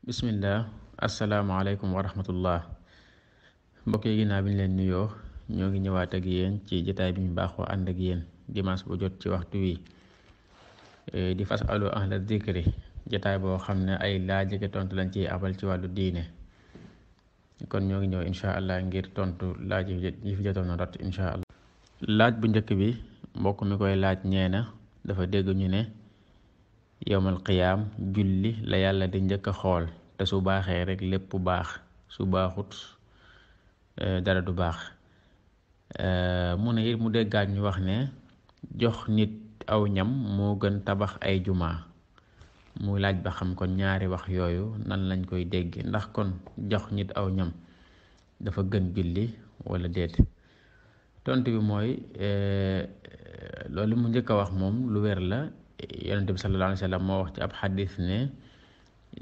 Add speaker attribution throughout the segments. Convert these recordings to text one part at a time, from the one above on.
Speaker 1: bismillah asalaamaaleykum wa rahmatullah mbokk yi ginnaaw bi ñu leen nuyoo ñoo ngi ñëwaat ak yéen ci jataay bi ñu baaxoo ànd ak yéen dimanche bu jot ci waxtu wi eh, di fas alu ahla dikri jotaay boo xam ne ay laaj ak tontu lañ ciy abal ci wàllu diine kon ñoo ngi ñëw incha allah ngir tontu laaj yi fi jotoon na rot incha allah. laaj bu njëkk bi mbokk mi koy laaj ñeena dafa dégg ñu ne. yowmal qiyaam julli la yàlla di njëkk xool te su baaxee rekk lépp bu baax su baaxut eh, dara du baax eh, mu ne it mu déggaat ñu wax ne jox nit aw ñam moo gën tabax ay jumaa muy laaj ba xam kon ñaari wax yooyu nan lañ koy dégg ndax kon jox nit aw ñam dafa gën julli walla déet tontu bi mooy eh, loolu mu njëkk a wax moom lu wér la yonente bi sallallahu alayhi wa sallam moo wax ci ab xadis ne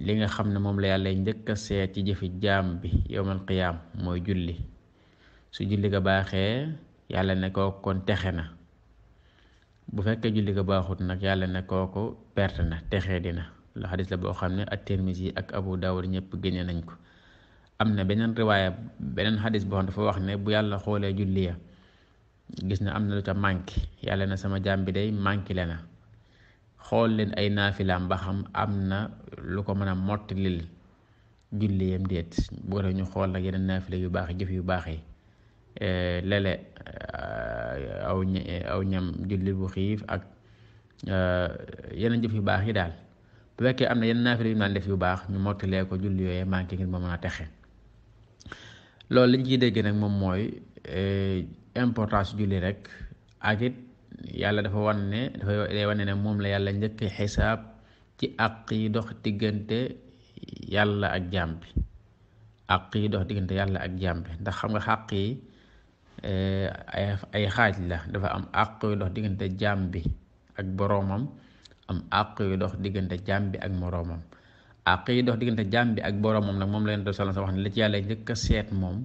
Speaker 1: li nga xam ne moom la yàlla njëkk a seet ci jëfi jaam bi yowmal qiyaam mooy julli su julli ga baaxee yàlla ne kooku kon texe na bu fekkee julli ko baaxut nag yàlla ne kooku perte na texe dina lu xadis la boo xam ne at yi ak Abu Dawud ñëpp génne nañ ko am na beneen riwaaya beneen xadis boo xam dafa wax ne bu yàlla xoolee julli ya gis na am na lu ca manqué yàlla na sama jaam bi day manqué le na xool leen ay naafilaam ba xam am na lu ko mën a mottalil julliyam déet boo tax ñu xool nag yeneen naafila yu baax jëf yu baax yi eh, lele eh, aw eh, aw ñam julli bu xiif ak yeneen jëf yu baax yi daal bu fekkee am na yenn naafila yu naan def yu baax ñu mottalee ko julli yooyee manqué ngir ma mën a texe loolu liñ ciy dégg nag moom mooy importance julli rek ak yàlla dafa wan ne dafa day wane ne moom la yàlla njëkk xisaab ci àq yi dox diggante yàlla ak jaam bi àq yi dox diggante yàlla ak jaam bi ndax xam nga xàq yi eh, ay xaaj la dafa am àq yu dox diggante jaam bi ak boroomam am àq yu dox diggante jaam bi ak moroomam àq yi dox diggante jaam bi ak boroomam nag moom la Yonent solo sa wax ne la ci yàlla njëkk a seet moom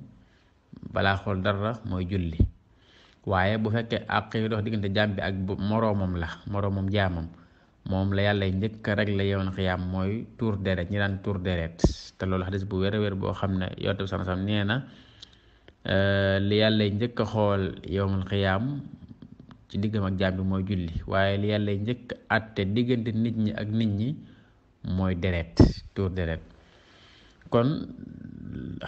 Speaker 1: balaa xool dara mooy julli waaye bu fekkee àq yi dox diggante jaam bi ak moroomam la moroomam jaamam moom la yàlla njëkk rek la yoon xiyaam mooy tuur deret ñi daan tuur deret te loolu xadis bu wér wér boo xam ne yonent bi sallallahu alayhi wasallam nee na li yàlla njëkk a xool yowmal xiyaam ci diggam ak jaam mooy julli waaye li yàlla njëkk àtte diggante nit ñi ak nit ñi mooy deret tuur deret kon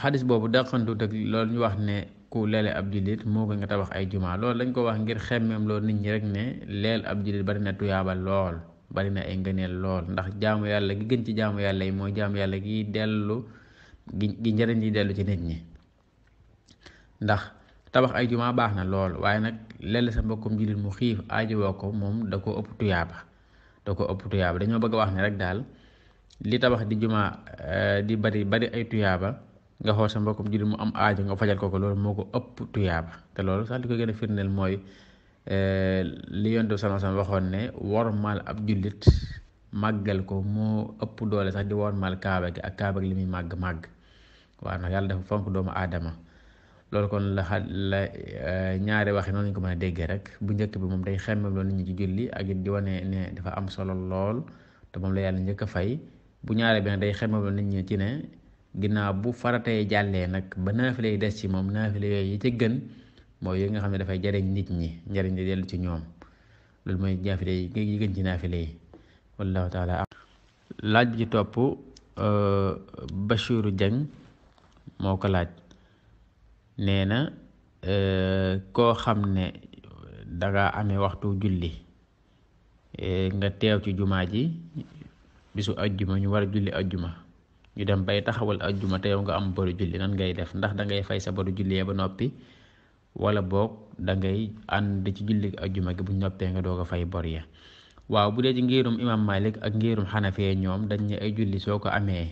Speaker 1: xadis boobu dàqantut ak loolu ñu wax ne ku leele ab jullit moo gën nga tabax ay jumaa loolu lañ ko wax ngir xemmeem lool nit ñi rek ne leel ab jullit bari na tuyaaba lool bari na ay ngëneel lool ndax jaamu yàlla gi gën ci jaamu yàlla yi mooy jaamu yàlla gi dellu gi gi njëriñ yi dellu ci nit ñi ndax tabax ay jumaa baax na lool waaye nag leel sa mbokkum jullit mu xiif aajowoo ko moom da ko ëpp tuyaaba da ko ëpp tuyaaba dañoo bëgg a wax ne rek daal li tabax di jumaa eh, di bari bari ay tuyaaba nga xool sa mbokk mbokkum jullit mu am aajo nga fajal ko ko loolu moo ko ëpp tuyaaba te loolu sax li ko gën a firndeel mooy eh, li yonent bi sallallahu alayhi wasallam waxoon ne wormaal ab jullit màggal ko moo ëpp doole sax di wormaal kaaba gi ak kaaba gi li muy màgg màgg waaw nag yàlla dafa fonk doomu aadama loolu kon la xa la eh, ñaari waxe noonu ñu ko mën a déggee rek bu njëkk bi moom day xemmem loolu nit ñi ci julli ak it di wane ne dafa am solo lool te moom la yàlla njëkk a fay bu ñaare bi nag nit ñi ci ne ginnaaw bu faratee jàllee nag ba naafile des ci moom naafile yi ci gën mooy yi nga xam ne dafay jariñ nit ñi njariñ li dellu ci ñoom loolu mooy naafile yi gën ci naafile yi wallahu taala laaj bi ci topp euh, Bachirou Dieng moo ko laaj nee na euh, koo xam ne danga amee waxtu julli euh, nga teew ci jumaa ji bisu ajjuma ñu war a julli ajjuma ñu dem bay taxawal ajjuma te yow nga am baru julli nan ngay def ndax dangay fay sa baru julli ba noppi wala boog dangay ànd ci julli ajjuma gi bu noppee nga doog a fay bor ya waaw bu dee ci ngirum imam malik ak ngirum ñoom dañ ne ay julli soo ko amee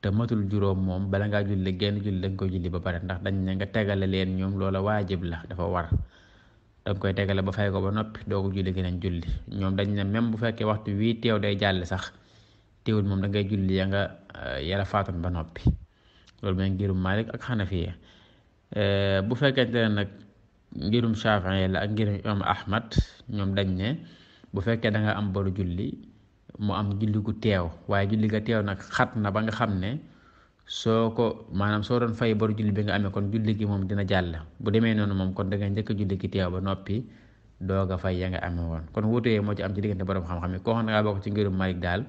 Speaker 1: te matul juróom moom bala ngaa julli genn julli danga koy julli ba pare ndax dañ ne nga tegale leen ñoom loola waajib la dafa war danga koy tegale ba fay ko ba noppi doo ko julli geneen julli ñoom dañ ne même bu fekkee waxtu wii teew day jàll sax teewul moom dangay ngay julli ya nga eh, yara faatoon ba noppi loolu mooy ngirum Malik ak Xanafiya eh, bu fekkente ne nag ngirum Shafi'i la ak ngirum imam Ahmad ñoom dañ ne bu fekkee da am boru julli mu am julli gu teew waaye julli ga teew nag xat na ba nga xam ne soo ko maanaam soo doon fay boru julli bi nga amee kon julli gi moom dina bu demee noonu moom kon da nga njëkk julli gi teew ba noppi doog a fay ya nga kon wuute moo ci am ci diggante borom xam-xam yi koo xam ne ngaa bokk ci ngirum Malik daal.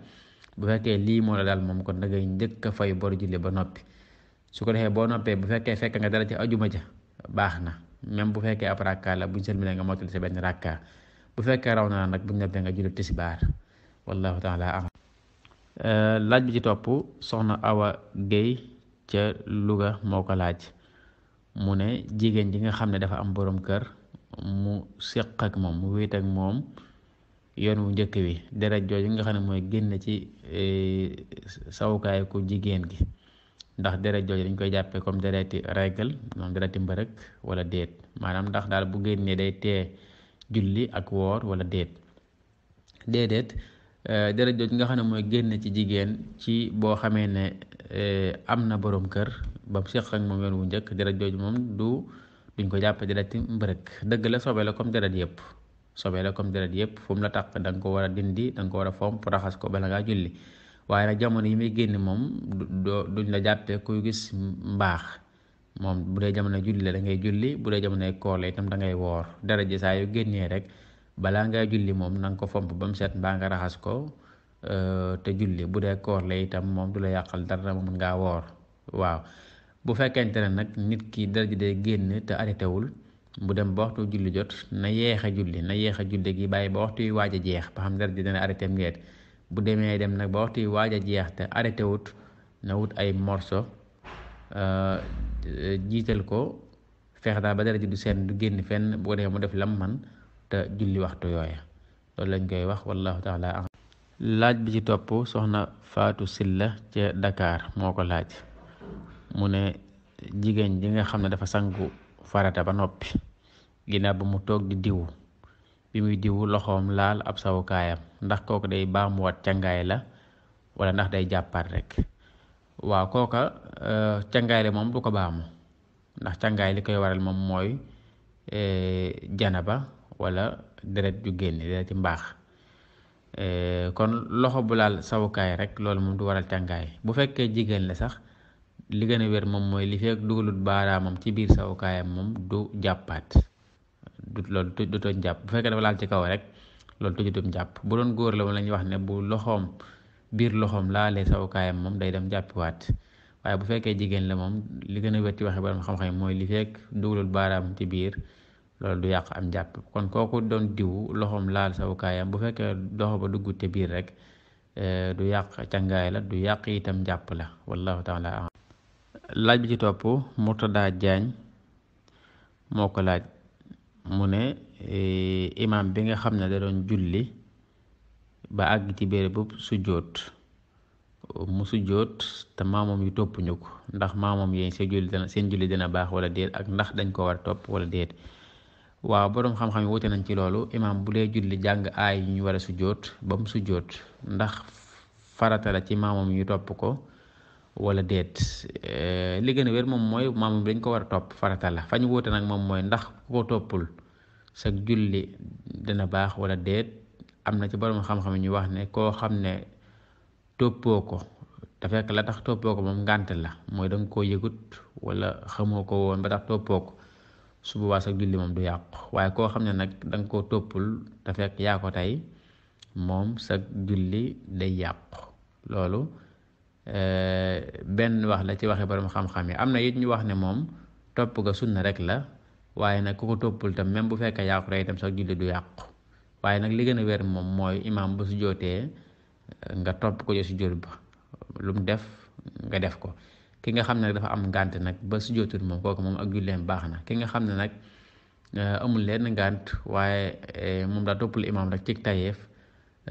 Speaker 1: bu fekkee lii moo la daal moom kon dangay njëkk a fay bor julli ba noppi su ko defee boo noppee bu fekkee fekk nga dara ci ajuma ja baax na même bu fekkee ab rakka la buñ selmine nga mottali sa benn rakka bu fekkee raw na la nag buñ noppee nga julli tisbaar wallahu taala am euh, laaj bi ci topp soxna Awa Guèye ca Louga moo ko laaj mu ne jigéen ji nga xam ne dafa am boroom kër mu séq ak moom mu wéet ak moom yoon wu njëkk wi deret jooju nga xam ne mooy génn ci e, sawukaay ku jigéen gi ndax deret jooju dañ koy jàppee comme dereti régal moom dereti mbërëk wala déet maanaam ndax daal bu génnee day tee julli ak woor wala déet déedéet e, deret jooju nga xam ne mooy génn ci jigéen ci boo xamee ne e, am na borom kër ba mu moom yoon wu njëkk deret jooju moom du duñ ko jàppee dereti mbërëk dëgg la soobee la comme deret yëpp sobe la comme deret yëpp fu mu la taq da ko war a dindi da ko war a fomp raxas ko bala ngaa julli waaye nag jamono yi muy génn moom doo duñ la jàppee kuy gis mbaax moom bu dee jamono julli la da ngay julli bu dee jamono koor la itam da ngay woor deret ji saa yu génnee rek balaa ngay julli moom na ko fomp ba mu set mbaa nga raxas ko euh, te julli bu dee koor la itam moom du la yàqal dara mën ngaa woor waaw bu fekkente ne nag nit kii deret ji génn te arrêté wul. bu dem ba waxtu julli jot na yeex a julli na yeex a julli gi bàyyi ba waxtu waaja jeex ba xam dara dina arrêté am ngeet bu demee dem nag ba waxtu yi waaj a jeex te arrêté wut na wut ay morso euh, jiital ko feex daal ba dara ji du seen du génn fenn boo ko mu def lam man te julli waxtu yooya loolu lañ koy wax wallahu taala laaj bi ci topp soxna Faatu Silla ca dakaar moo ko laaj mu ne jigéen ji nga xam ne dafa sangu farata ba noppi ginnaaw ba mu toog di diwu bi muy diw loxoom laal ab sawukaayam ndax kooku day baamuwaat cangaay la wala ndax day jàppaat rek waaw kooka euh, cangaay la moom du ko baamu ndax càngaay li koy waral moom mooy euh, jana ba wala deret ju génn dereti mbaax euh, kon loxo bu laal sawukaay rek loolu moom du waral cangaay bu fekkee jigéen la sax li gën a wér moom mooy li fekk dugalut baaraamam ci biir sawukaayam moom du jàppaat du loolu du doon jàpp bu fekkee dafa laal ci kaw rek loolu tujutum jàpp bu doon góor la moom la ñuy wax ne bu loxoom biir loxoom laalee sawukaayam moom day dem jàppiwaat waaye bu fekkee jigéen la moom li gën a wér ci waxi borom xam-xam mooy li fekk dugalut baaraamam ci biir loolu du yàq am jàpp kon kooku doon diwu loxoom laal sawukaayam bu fekkee doxo ba duggut te biir rek eh, du yàq cangaay la du yàq itam jàpp la wallahu taala laaj bi ci topp Murtada Jaañ moo ko laaj mu ne e, imaam bi nga xam ne da doon julli ba àgg ci béere boobu sujjóot mu sujjóot te maamoom yu topp ñu ko ndax maamoom yéen seen julli dana seen julli dana baax wala déet ak ndax dañ ko war topp wala déet waaw boroom xam-xam yi wute nañ ci loolu imaam bu dee julli jàng aay yu ñu war a sujjóot ba mu sujjóot ndax farata ci maamoom yu topp ko wala déet eh, li gën a wér moom mooy maam dañ ko war a topp farata la fañ wóote nag moom mooy ndax ku ko toppul sa julli dina baax wala déet am na ci borom xam-xam ñu wax ne koo xam ne toppoo ko te fekk la tax toppoo ko moom ngànt la mooy danga koo yëgut wala xamoo ko woon ba tax toppoo su boobaa sa julli moom du yàqu waaye koo xam ne nag danga koo toppul te fekk yaa ko tey moom sa julli day yàqu loolu Euh, benn wax la ci waxe borom xam-xam yi am na it ñu wax ne moom topp suñ na rek la waaye nag ku ko toppul tam même bu fekkee yàqu rek itam sax julli du yàqu waaye nag li gën a wér moom mooy imaam ba su jootee euh, nga topp ko ci su jot ba lu mu def nga def ko ki nga xam ne nag dafa am ngànt nag ba su jotul moom kooku moom ak julleem baax na ki nga xam ne nag euh, amul lenn ngànt waaye moom daa toppul imaam rek ci tayeef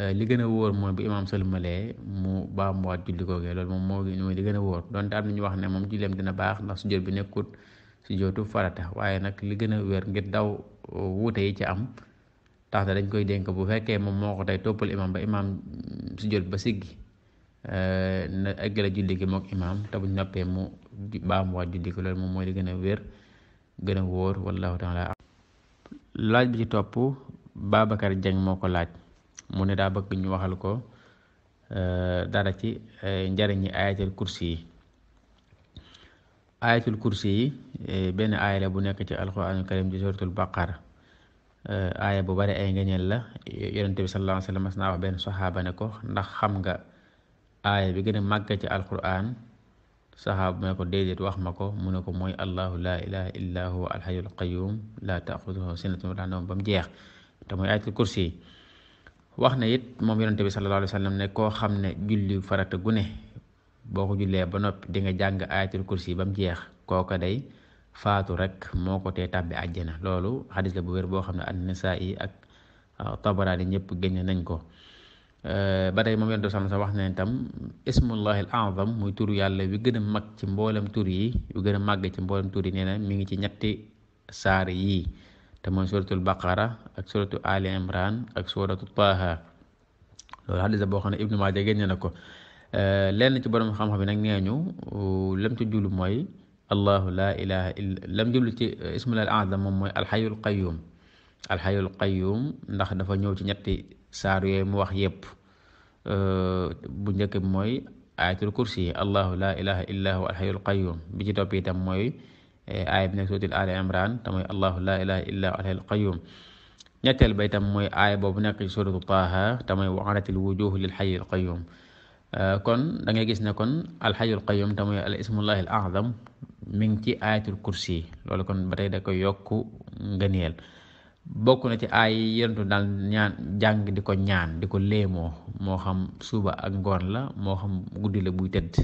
Speaker 1: Euh, li gën a wóor mooy bu imaam sëlmalee mu waa julli googee loolu moom moo mooy li gën a wóor donte am na ñu wax ne moom julleem dina baax ndax sujjóot bi nekkut sujjóotu farata waaye nag li gën a wér ngir daw euh, wuute yi ci am tax dañ koy dénk bu fekkee moom moo ko tey toppal imaam ba imaam sujjóot ba siggi euh, na eggale julli gi mook te bu noppee mu baamuwaat julli gi loolu moom mooy li gën a wér gën a wóor wallahu taala laaj bi ci topp Babacar Dieng moo ko laaj mu ne daa bëgg ñu waxal ko eh, dara ci eh, njariñi ayatul kursi yi ayatul kursi yi eh, benn aaya la bu nekk ci alquranul karim di suratul baqara aaya bu bari ay ngeñeel la yonente bi sallallahu alayhi mas naa wax benn saxaaba ne ko ndax xam nga aaya bi gën a màgg ci alquran saxaaba mu ne ko wax ma ko mu ne ko mooy allahu la ilaha illa huwa alhayyul qayyum la taxuduhu sinatun wala nawm ba mu jeex te mooy ayatul kursi yi wax na it moom yonente bi sallallahu alayhi wa sallam ne koo xam ne julli farata gune boo ko jullee ba noppi di nga jàng ayatul kursi ba mu jeex kooka day faatu rek moo ko tee tàbbi àjjana loolu xadis la bu wér boo xam ne an-Nasaa'i ak uh, Tabaraani ñëpp génne nañ ko uh, ba tey moom yonente bi sallallahu alayhi wa sallam wax na ne tam ismullahil azam muy tur yàlla wi gën a mag ci mboolem tur yi yu gën a màgg ci mboolem tur yi nee mu ngi ci ñetti saar yii te mooy suratul baqara ak suratu ali imran ak suratu taha loolu xadis boo xam ne ibnu maaja génne na ko euh, lenn ci borom xam-xam yi nag nee ñu lam ci jublu mooy allahu laa ilaha illa lam jublu ci euh, ismul azam moom mooy alxayul qayyum alxayul qayyum ndax dafa ñëw ci ñetti saar yooyu mu wax yépp euh, bu njëkk bi mooy ayatul kursi allahu laa ilaha illa huwa alxayul qayyum bi ci topp itam mooy Eh, aaya bi nekk suuratul Ali Imran te mooy allahu laa ilaha illaa al-hayyul qayyum ñetteel ba itam mooy aaya boobu nekk suuratu Taaha te mooy wa'anatil wujuuhu lil hayyil qayyum eh, kon da ngay gis ne kon al-hayyul qayyum te mooy al ismullahi al-a'zam mi ngi ci aayatul kursi loolu kon ba tey da koy yokk ngëneel bokk na ci aay yëntu daal ñaan jàng di ko ñaan di ko léemoo moo xam suba ak ngoon la moo xam guddi la buy tëdd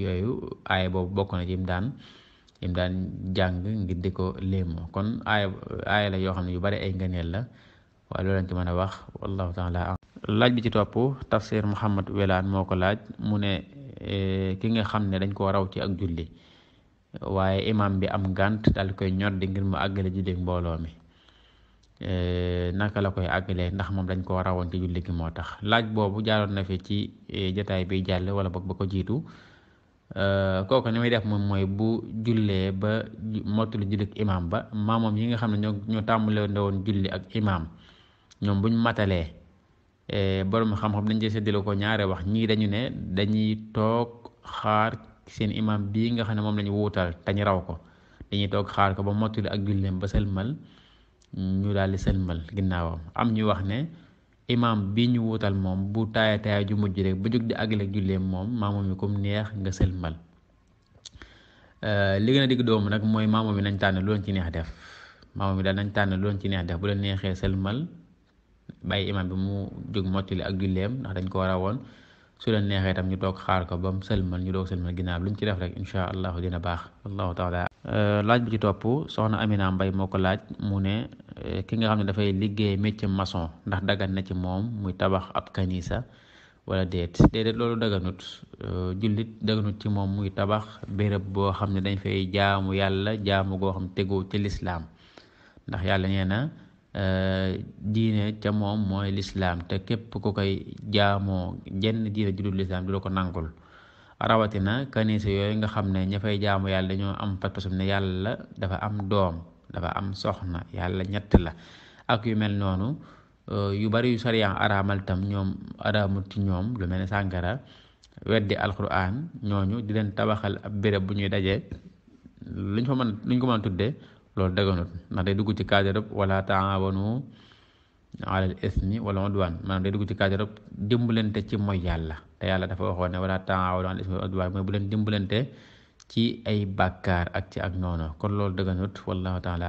Speaker 1: yooyu aay boobu bokk na ci mu daan yim daan jàng ngir di ko léemoo kon aaya la yoo xam ne yu bari ay ngëneel la waaye loolu lañ ci mën a wax wallahu taala laaj bi ci topp tafsir Muhammad Welaan moo ko laaj mu ne e, ki nga xam ne dañ koo raw ci ak julli waaye imam bi am gànt dal koy ñor di ngir mu àggale julli mbooloo mi e, naka la koy àggalee ndax moom dañ koo rawoon ci julli gi moo tax laaj boobu jaaroon na fi ci e, jotaay bi jàll wala boog ba ko jiitu Euh, kooku ni muy def moom mooy bu jullee ba mottali julli ak imaam ba maamoom yi nga xam ne ñoo ñoo tàmbalee ndowoon julli ak imaam ñoom buñ matalee eh, borom xam-xam dañ cee séddale ko ñaaree wax ñii dañu ne dañuy toog xaar seen imaam bii nga xam ne moom la ñu wuutal te ñu raw ko dañuy toog xaar ko ba mottali ak julleem ba sëlmal ñu daal di sëlmal ginnaawam am ñu wax ne. imam bi ñu wutal moom bu taaya taaya ju mujj rek ba jóg di àggale ak julleem moom maamoom yi comme neex nga sëlmal euh, li gën a digg doom nag mooy maamoom yi nañ tànn loon ci neex def maamoom yi daal nañ tànn loon ci neex def bu la neexee sëlmal bàyyi imam bi mu jóg mottali ak julleem ndax dañ ko war a woon su leen neexee itam ñu toog xaar ko ba mu sëlmal ñu doog sëlmal ginnaaw luñ ci def rek incha allahu dina baax allahu taala euh, laaj bu ci topp soxna Amina Mbay moo ko laaj mu ne euh, ki nga xam ne dafay liggéey métier maçon ndax dagan na ci moom muy tabax ab kanisa wala déet déedéet loolu daganut euh, jullit daganut ci moom muy tabax béréb boo xam ne dañ fay jaamu yàlla jaamu goo xam tegoo ci lislaam ndax yàlla nee na Eh, diine ca moom mooy lislaam te képp ku koy jaamoo jenn diine ju dul lislaam du la ko nangul rawatina kanisa yooyu nga xam ne ña fay jaamu yàlla dañoo am pas-pasum ne yàlla dafa am doom dafa am soxna yàlla ñett la ak yu mel noonu eh, yu bari yu sariyaan araamal tam ñoom araamut ci ñoom lu mel ne sàngara weddi alquran ñooñu di leen tabaxal ab béréb bu ñuy dajee luñ fa mën luñ ko mën a tuddee loolu daganut ndax day dugg ci kaajarab wala taawanu alal ismi wala udwaan maanaam day dugg ci kaajarab dimbalante ci mooy yàlla te yàlla dafa waxoon ne wala taawanu alal ismi wala udwaan ci ay bàkkaar ak ci ak noonu kon loolu daganut wallahu taala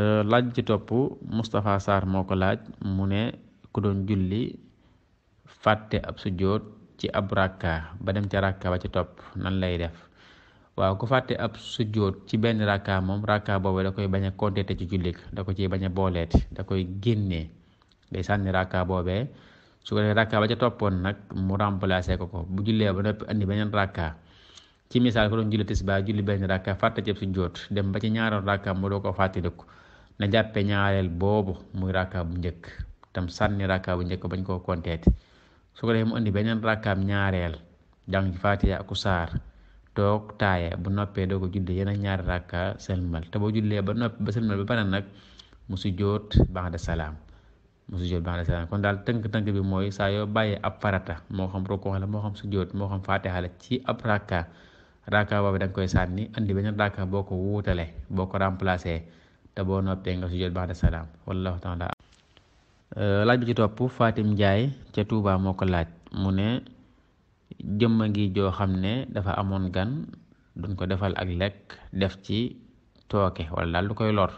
Speaker 1: euh, laaj ci topp Moustapha saar moo ko laaj mu ne ku doon julli fàtte ab sujjóot ci ab rakka ba dem ca rakka ba ci topp nan lay def waaw ku fàtte ab sujjóot ci benn rakka moom rakka boobu da koy bañ a complété ci jullik da ko ciy bañ a booleeti da koy génnee day sànni rakka boobee su ko ba ca toppoon nag mu remplacé ko ko bu jullee ba noppi andi rakka ci misaal ko doon julli tisbaar julli benn rakka fàtte ci ab jóot dem ba ci ñaaroon rakka mu doo ko fàttaliku na jàppe ñaareel boobu muy rakka bu njëkk tam sànni rakka bu njëkk bañ koo complété su ko defee mu indi beneen rakkaam ñaareel jàng ci faatiya ak saar toog taaye bu noppee doo ko julli yeneen ñaari rakka sëlmal te boo jullee ba noppi ba sëlmal ba pare mu sujjóot ba'da salaam mu salaam kon daal tënk-tënk bi mooy saa yoo bàyyee ab farata moo xam rukkoo la moo xam sujjóot moo xam faatiha la ci ab rakka rakka boobu da nga koy sànni andi beneen rakka boo ko wuutale boo ko remplacé te boo noppee nga sujjóot ba'da salaam wallahu taala laaj bi ci topp Fatim Ndiaye ca Touba moo ko laaj mu ne jëmma ngi joo xam ne dafa amoon gan duñ ko defal ak lekk def ci tooke wala daal du koy lor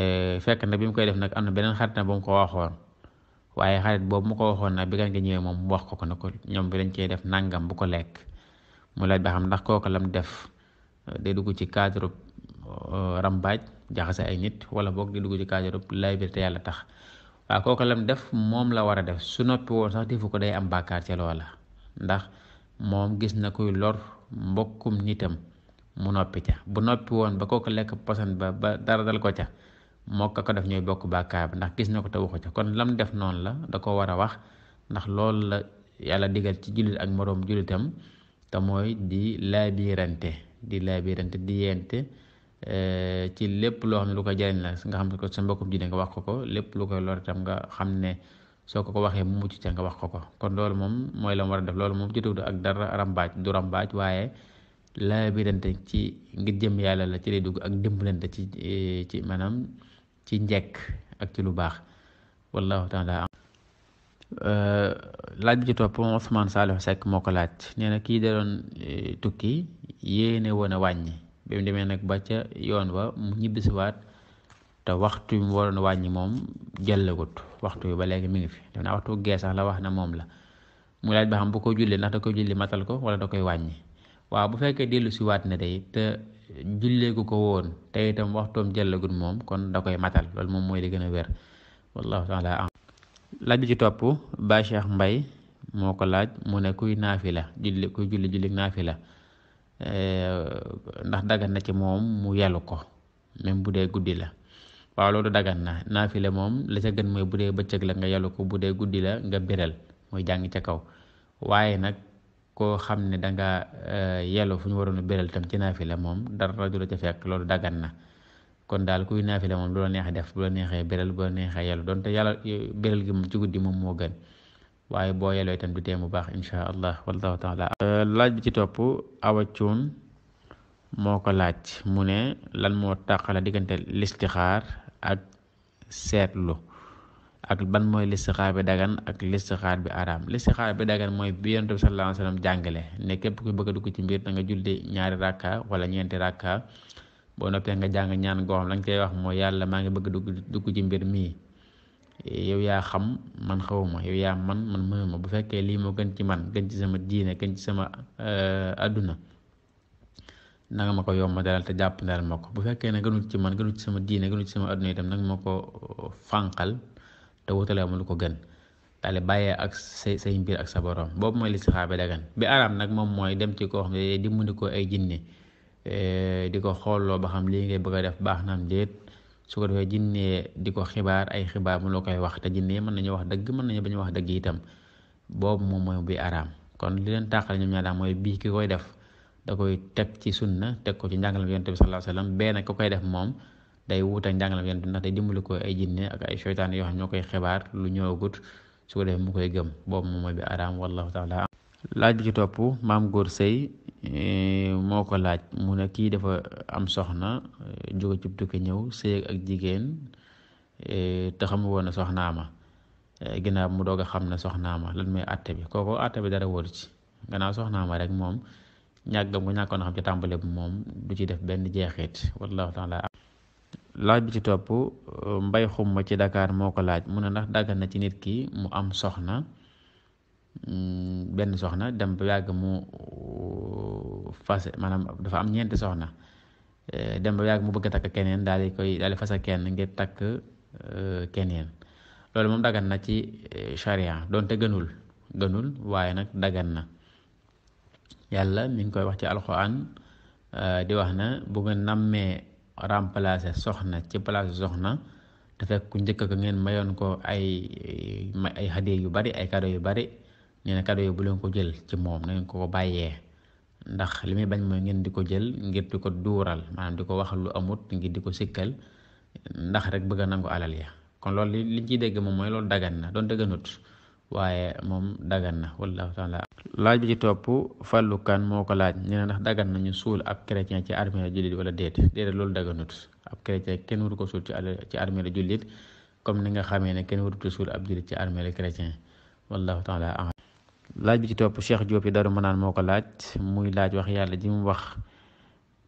Speaker 1: eh, fekk na bi mu koy def nag am na beneen xarit na mu ko waxoon waaye xarit boobu mu ko waxoon nag bi ñëwee moom mu wax ko ko ne ko ñoom bi dañ koy def nangam bu ko lekk mu laaj ba xam ndax kooku lam def eh, day dugg ci cadre eh, rambaaj jaxasa ay nit wala boog di dugg ci cadre laabir te yàlla tax waaw kooku lam def moom la war a def su noppi woon sax defu ko day am bàkkaar ca loola ndax moom gis na kuy lor mbokkum nitam mu noppi ca bu noppi woon ba kooku lekk posan ba ba dara dal ko ca moo ko def ñuy bokk bàkkaar bi ndax gis na ko te waxu ca kon lam def noonu la da ko war a wax ndax loolu la yàlla digal ci jullit ak moroom jullitam te mooy di laabirante di laabirante di yente eh, ci lépp loo xam ne lu ko jariñ la nga xam ne ko sa mbokkum ji nga wax ko ko lépp lu koy lor itam nga xam ne soo ko ko waxee mu mucc ca nga wax ko ko kon loolu moom mooy la mu war a def loolu moom jotewut ak dara rambaaj du rambaaj waaye laabirante ci ngir jëm yàlla la ci dugg ak dimbalante ci eh, ci maanaam ci njekk ak ci lu baax wallahu eh, laaj bi ci topp moom Ousmane Saliou Seck moo ko laaj nee na kii da eh, tukki yéene woon a wàññi bi demee nag ba ca yoon wa mu ñibbisiwaat te waxtu mu waroon wàññi moom jëllagut waxtu yu ba léegi mi ngi fi def naa waxtu wax na moom la mu laaj ba bu ko julli ndax da koy julli matal ko wala da koy wàññi waaw bu fekkee dellu si waat na day te ko woon te itam waxtoom jëllagut moom kon da koy matal loolu moom mooy li gën a wér wallahu taala am laaj ci topp ba Mbay moo ko laaj mu ne kuy naafila julli kuy julli julli naafila eh, ndax dagan na ci moom mu yelu ko même bu dee guddi la waaw loolu dagan na naafile moom la sa gën mooy bu dee bëccëg la nga yalu ko bu dee guddi la nga biral mooy jàng ca kaw waaye nag koo xam ne danga eh, yelu fu ñu waroon a biral tam ci naafile moom dara du la ca loolu daggan na kon daal kuy naafile moom bu la neexee def bu la neexee biral bu neexee yelu donte yàlla biral gi moom ci guddi moom moo gën waaye boo yeloo tam du tee mu baax insha allah wallahu taala eh, laaj bi ci topp awa cuun moo ko laaj mu ne lan moo tàqale diggante listixaar ak seetlu ak ban mooy listixaar bi dagan ak listixaar bi araam listixaar bi dagan mooy bi yonent bi sallallahu alayhi wa jàngale ne képp ku bëgg a dugg ci mbir da nga julli ñaari rakka wala ñeenti ràkka boo noppee nga jàng ñaan goo lañ koy wax mooy yàlla maa ngi bëgg dugg dugg ci mbir mii yow yaa xam man xawuma yow yaa man man mënuma bu fekkee lii moo gën ci man gën ci sama diine gën ci sama àdduna euh, nanga ma ko yomb dalal te jàpp ndal ma ko bu fekkee ne gënu ci man gënu ci sama diine gënu ci sama adduna itam nanga ma ko uh, fànqal te wutale ma lu ko gën daale bàyyee ak say say mbir ak sa borom boobu mooy listixaar bi dagan bi araam nag moom mooy dem ci koo xam ne di mën ko ay jinne eh, di ko xooloo ba xam lii ngay bëgg a def baax naam déet su ko defee jinne di ko xibaar ay xibaar mu la koy wax te jinne mën nañu wax dëgg mën nañu ba bañ wax dëgg itam boobu moom mooy bi kon li leen tàqale ñoom ñaar daal mooy bii ki koy def da koy teg ci sunna teg ko ci njàngalam yonent bi sallallahu alayhi wasallam bee nag ku koy def moom day wuute ak njàngalam yonent bi ndax day dimbali ko ay jinne ak ay seytaane yoo xam ñoo koy xibaar lu ñëwagut su ko defee mu koy gëm boobu moom mooy bi araam wallahu taala laaj bi ci topp maam góor sëy eh, moo laaj mu ne kii dafa am soxna eh, jóge ci tukki ñëw sëy ak jigéen eh, te xamu woon ne ma ginnaaw mu doog a xam ne ma lan mooy àtte bi kooku àtte bi dara wóor ci gannaaw ma rek moom ñàkk ga mu ñàkkoon xam ci tàmbale moom du ci def benn jeexit wallahu taala laaj bi ci topp mbay xumma ci dakaar moo ko laaj mu ne ndax dàggal na ci nit ki mu am soxna benn soxna dem ba yàgg mu uh, fase maanaam dafa am ñeenti soxna eh, dem ba yàgg mu bëgg a takk keneen daal di koy daal di fase kenn ngir takk uh, keneen loolu moom daggan na ci charia eh, doonte gënul gënul waaye nag daggan na yàlla mi ngi koy wax ci alxuraan euh, di wax na bu ngeen nammee remplacer soxna ci place soxna te fekk ku njëkk ko ngeen mayoon ko ay ay hadiya yu bari ay cadeau yu bari nee na cadeau yu bu leen ko jël ci moom na ko ko bàyyee ndax li muy bañ mooy ngeen di ko jël ngir di ko duural maanaam di ko wax lu amut ngir di ko sikkal ndax rek bëgg a nangu alal ya kon loolu li liñ ciy dégg moom mooy loolu dagan na doon dëgganut waaye moom dagan na wallahu taala laaj bi ci topp fàllu kan moo ko laaj nee na ndax dagan nañu suul ab chrétien ci armeelu jullit wala déet déedéet loolu daganut ab chrétien kenn waru ko suul ci ci armeelu jullit comme ni nga xamee ne kenn warutu suul ab jullit ci armeelu chrétien wallahu taala am laaj bi ci topp Cheikh Diop yi daru mënaan moo ko laaj muy laaj wax yàlla ji mu wax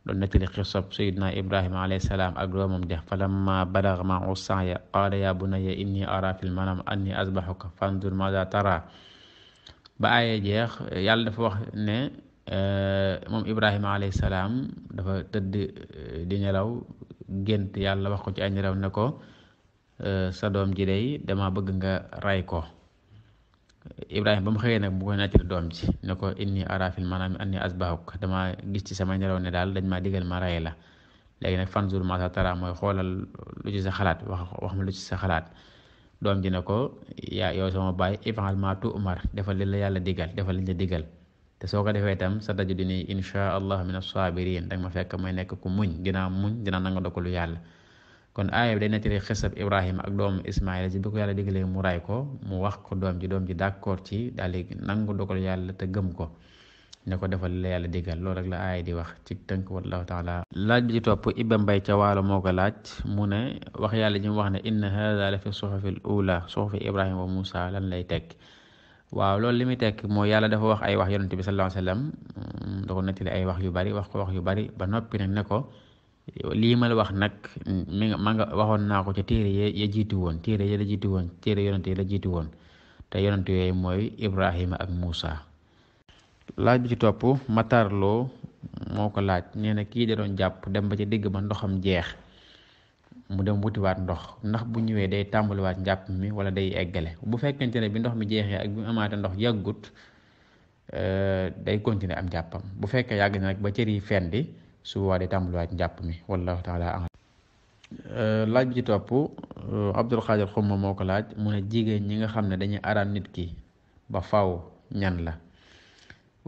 Speaker 1: doon nettali xisab sayidna ibrahima alayhi salaam ak doomam ja falamma balagha ma'ahu as-sa'ya qaala ya bunayya inni ara fil manam anni azbahuka fanzur maza tara ba aaye jeex yàlla dafa wax ne euh, moom ibrahima alayhi salaam dafa tëdd euh, di nelaw gént yàlla wax ko ci ay nelaw ne ko euh, sa doom ji day dama bëgg nga ray ko ibrahima ba mu xëyee nag mu koy nettali doom ji ne ko inni arafil maanaam anni asbahuk dama gis ci samay nelaw ne daal dañ ma digal ma ray la léegi nag fanzur ma sa tara mooy xoolal lu ci sa xalaat wax wax ma lu ci sa xalaat doom ji ne ko yaa yow sama baay ifal ma tu umar defal li la yàlla digal defal li la digal te soo ko defee itam sa daju di ni insha allah min a sabirin danga ma fekk may nekk ku muñ dinaa muñ dinaa nanga dogalu yàlla kon aaya bi day nettali xisab ibrahima ak doom ismaila ci bi ko yàlla digalee mu ray ko mu wax ko doom ji doom ji d'accord ci daal di nangu dogalu yàlla te gëm ko ne ko defal la yàlla digal loolu rek la aaya di wax ci tënk wallahu taala laaj bi ci topp Iba Mbay ca waalo moo ko laaj mu ne wax yàlla ji mu wax ne in haada la fi suxufi l ula suxufi ibrahima wa moussa lan lay teg waaw lool li muy tekk mooy yàlla dafa wax ay wax yonent bi sallallahu alayhi wasallam mm, da na nettali ay wax yu bari wax ko wax yu bari ba noppi nag ne ko lii ma la wax nag mi ma nga waxoon naa ko ca téere ya ya jiitu woon téere ya la jiitu woon téere yonent yi la jiitu woon te yonent yooyu mooy ibrahima ak moussa laaj bi ci topp matarloo moo ko laaj nee na kii de doon jàpp dem ba ci digg ba ndoxam jeex mu dem wutiwaat ndox ndax bu ñëwee day tàmbaliwaat njàpp mi wala day eggale bu fekkente ne bi ndox mi jeexee ak mu amaate ndox yàggut euh, day continuer am jàppam bu fekkee yàgg na nag ba cër yi fendi su day tàmbaliwaat njàpp mi wallahu taala am euh, laaj bi ci topp euh, Abdul Xaadir Xumma moo ko laaj mu ne jigéen ñi nga xam ne dañuy araam nit ki ba faw ñan la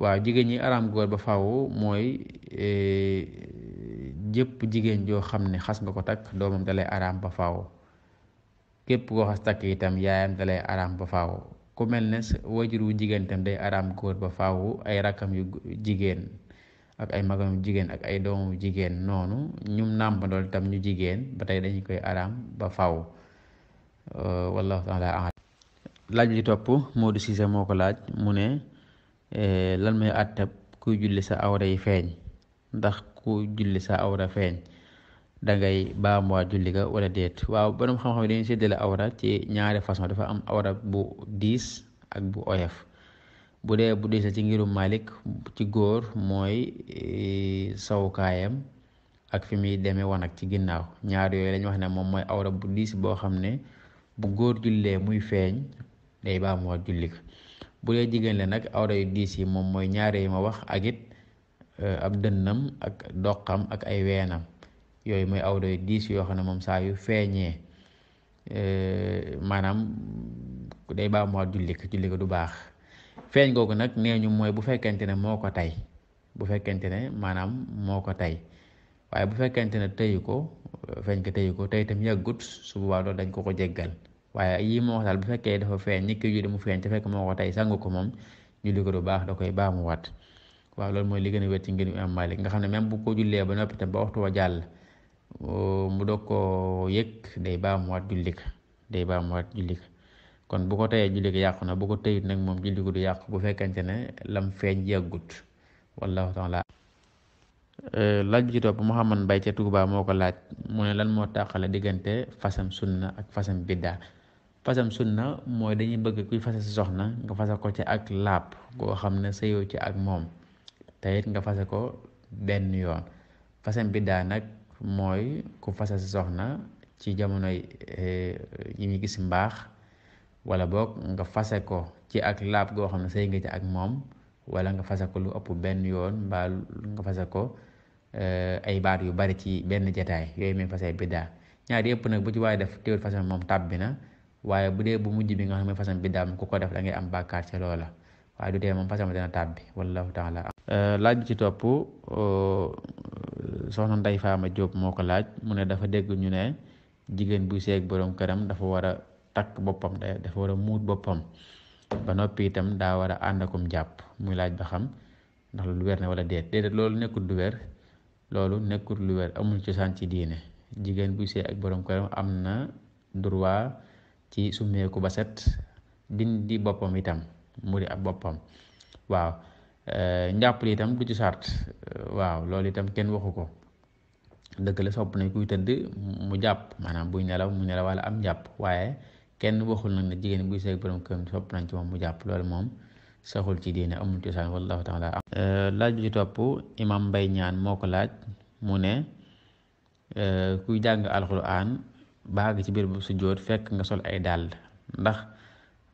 Speaker 1: waaw jigéen ñi araam góor ba faw mooy e, jëpp jigéen joo xam ne xas nga ko takk doomam dalay araam ba faw képp koo xas takk itam yaayam dalay araam ba faw ku mel ne wajur wu jigéen itam day araam góor ba faw ay rakkam ak ay magam jigéen ak ay doomu jigéen noonu ñum nàmbandool itam ñu jigéen ba tey dañu koy araam ba faw wallahu taala laaj li topp Modou Cissé moo ko laaj mu ne Eh, lan mooy àttab kuy julli sa awra yi feeñ ndax ku julli sa awra feeñ dangay baamuwaat julli ga wala déet waaw borom xam-xam dañuy séddale awra ci ñaari façon dafa am awra bu diis ak bu oyof bu dee bu diis ci ngiru Malik ci góor mooy eh, sawukaayam ak fi muy demee woon ci ginnaaw ñaar yooyu lañ wax ne moom mooy awra bu diis boo xam ne bu góor jullee muy feeñ day baamuwaat julli ga bu dee jigéen la nag awda yu diis yi moom mooy ñaare yi ma wax ak it euh, ab dënnam ak doqam ak ay weenam yooyu mooy awra yu diis yoo xam ne moom saa yu feeñee euh, maanaam day baa moo jullik jullik du baax feeñ googu nag nee ñu mooy bu fekkente ne moo ko tey bu fekkente ne maanaam moo ko tey waaye bu fekkente ne teyu ko feeñ ko teyu ko tey itam yàggut su boobaa dañ ko ko jéggal waaye yii moo wax daal bu fekkee dafa feeñ ñi koy julli mu feeñ te fekk moo ko tay sangu ko moom julli ko du baax da koy baax mu waat waaw loolu mooy li gën a wér ci ngir imam Malik nga xam ne même bu ko jullee ba noppi tam ba waxtu wa jàll mu um, doog koo yëg day baax mu waat julli ko day baax mu waat julli ko kon bu ko teyee julli ko yàqu na bu ko teyut nag moom julli ko du yàqu bu fekkente ne lam feeñ yàggut wallahu taala euh, laaj bi ci topp Mouhamad bay ca Touba moo ko laaj mu ne lan moo tàqale diggante fasam sunna ak fasam biddaa fasam sunna mooy dañuy bëgg kuy fase sa soxna nga fase ko ci ak làpp goo xam ne sëyoo ci ak moom te it nga fase ko benn yoon fasam biddaa nag mooy ku fase sa soxna ci jamonoy eh, yi ñu gis mbaax wala boog nga fase ko ci ak laab goo xam ne sëy nga ak moom wala nga fase ko lu ëpp benn yoon mbaa nga fase ko eh, ay baat yu bari ci benn jataay yooyu muy fase biddaa ñaar yëpp nag bu ci waaye def téwul fase moom tàbbi na waaye bu dee bu mujj bi nga xam ne façon bi daam ku ko def da ngay am bàkkaar ci loola waaye du dee moom façon bi a tàbbi wallahu taala euh, laaj bi ci topp euh, soxna Ndey Faama Jóob moo ko laaj mu ne dafa dégg ñu ne jigéen bu seeg borom këram dafa war a takk boppam dafa war a muut boppam ba noppi itam daa war a ànd akum jàpp muy laaj ba xam ndax lu wér ne wala déet loolu nekkul lu wér loolu nekkul lu wér amul cosaan ci diine jigéen buy seeg ak boroom këram am na droit ci summeeku ba set dindi boppam itam muri ab boppam waaw eh, njàpp li itam du ci sart eh, waaw loolu itam kenn waxu ko dëgg la sopp nañ kuy tëdd mu jàpp maanaam buy nelaw mu nelaw walla am njàpp waaye kenn waxul nag ne jigéen buy seeg borom këram sopp nañ mu jàpp lool moom saxul ci diine amul cosaan wallahu taala eh, laaj bi ci topp imam mbay ñaan moo ko laaj mu ne kuy jàng alquran baag ci biir bu sujjóot fekk nga sol ay dàll ndax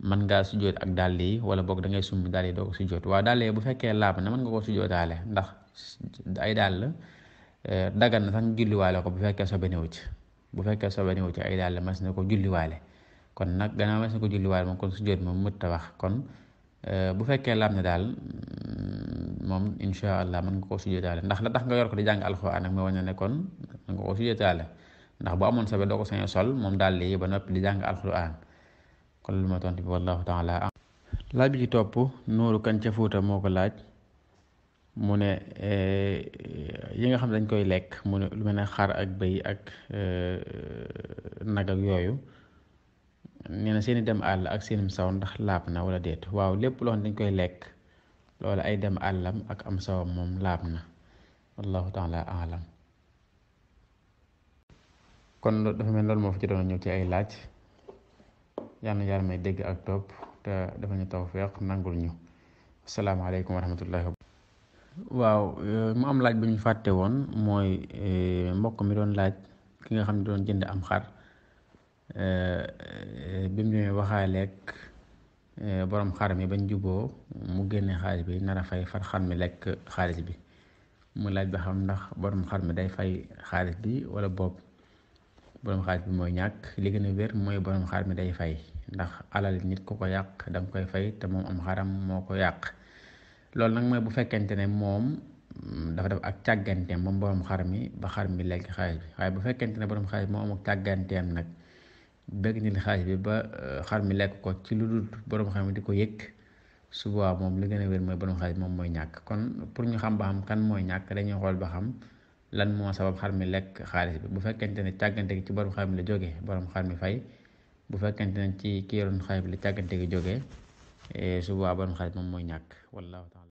Speaker 1: man ngaa sujjóot ak dàll yi wala boog da ngay summi dàll yi doo ko sujjóot waaw dàll yi bu fekkee laab na mën nga koo sujjóotaale ndax ay dàll eh, dagan na sax julliwaale ko bu fekkee sobe newu ci bu fekkee sobe newu ci ay dàll mas na ko julliwaale kon nag gannaaw mas na ko julliwaale moom kon moom mët ta wax kon eh, bu fekkee laab na daal mm, moom insha allah mën nga koo sujjóotaale ndax la tax nga yor ko di jàng alxuraan ak ma wane ne kon mën nga koo sujjóotaale ndax boo amoon sobe doo ko sañoo sol moom daal lii ba noppi di jàng alxuraan kon lu ma tontu bi wallahu taala laaj bi ci topp nooru kan ca Fuuta moo ko laaj mu ne eh, yi nga xam dañ koy lekk mu ne lu mel ne xar ak bëy ak eh, nag ak yooyu nee seeni dem àll ak seenum saw ndax laab na wala déet waaw lépp loo xam dañ koy lekk loolu ay dem àllam ak am sawam moom laab na wallahu taala alam kon dafa mel loolu moo fi ci doon ñëw ci ay laaj yal na yàlla may dégg ak topp te dafa ñu tawfeex nangul ñu asalaamaaleykum wa waaw mu laaj bu ñu fàtte woon mooy eh, mbokk mi doon laaj ki nga xam ne doon jënd am xar eh, bi mu demee waxaaleeg eh, borom mi bañ juboo mu génne xaalis bi nar a fay far xar mi lekk xaalis bi mu laaj ba xam ndax borom xar mi day fay xaalis bi wala bopp borom xaalis bi mooy ñàkk li gën a mooy borom xaar mi day fay ndax alal nit ku ko yàq danga koy fay te moom am xaram moo ko yàq loolu nag mooy bu fekkente ne moom mm, dafa def ak càgganteem moom borom xar mi ba xar mi lekk xaalis waaye bu fekkente ne borom xaalis moo am ak càgganteem nag bëgg nit xaalis bi ba euh, xar mi lekk ko ci lu dul borom xar mi di ko yëg su moom li gën a wér mooy borom xaalis moom mooy ñàkk kon pour ñu xam ba xam kan mooy ñàkk dañuy xool ba xam. lan moo sabab xar mi lekk xaalis bi bu fekkente ne càggante gi ci borom xar mi la jógee borom xar mi fay bu fekkente ne ci ki yoroon xar mi la càggante gi jógee eh, su boobaa borom xar moom mooy ñàkk wallaahu taala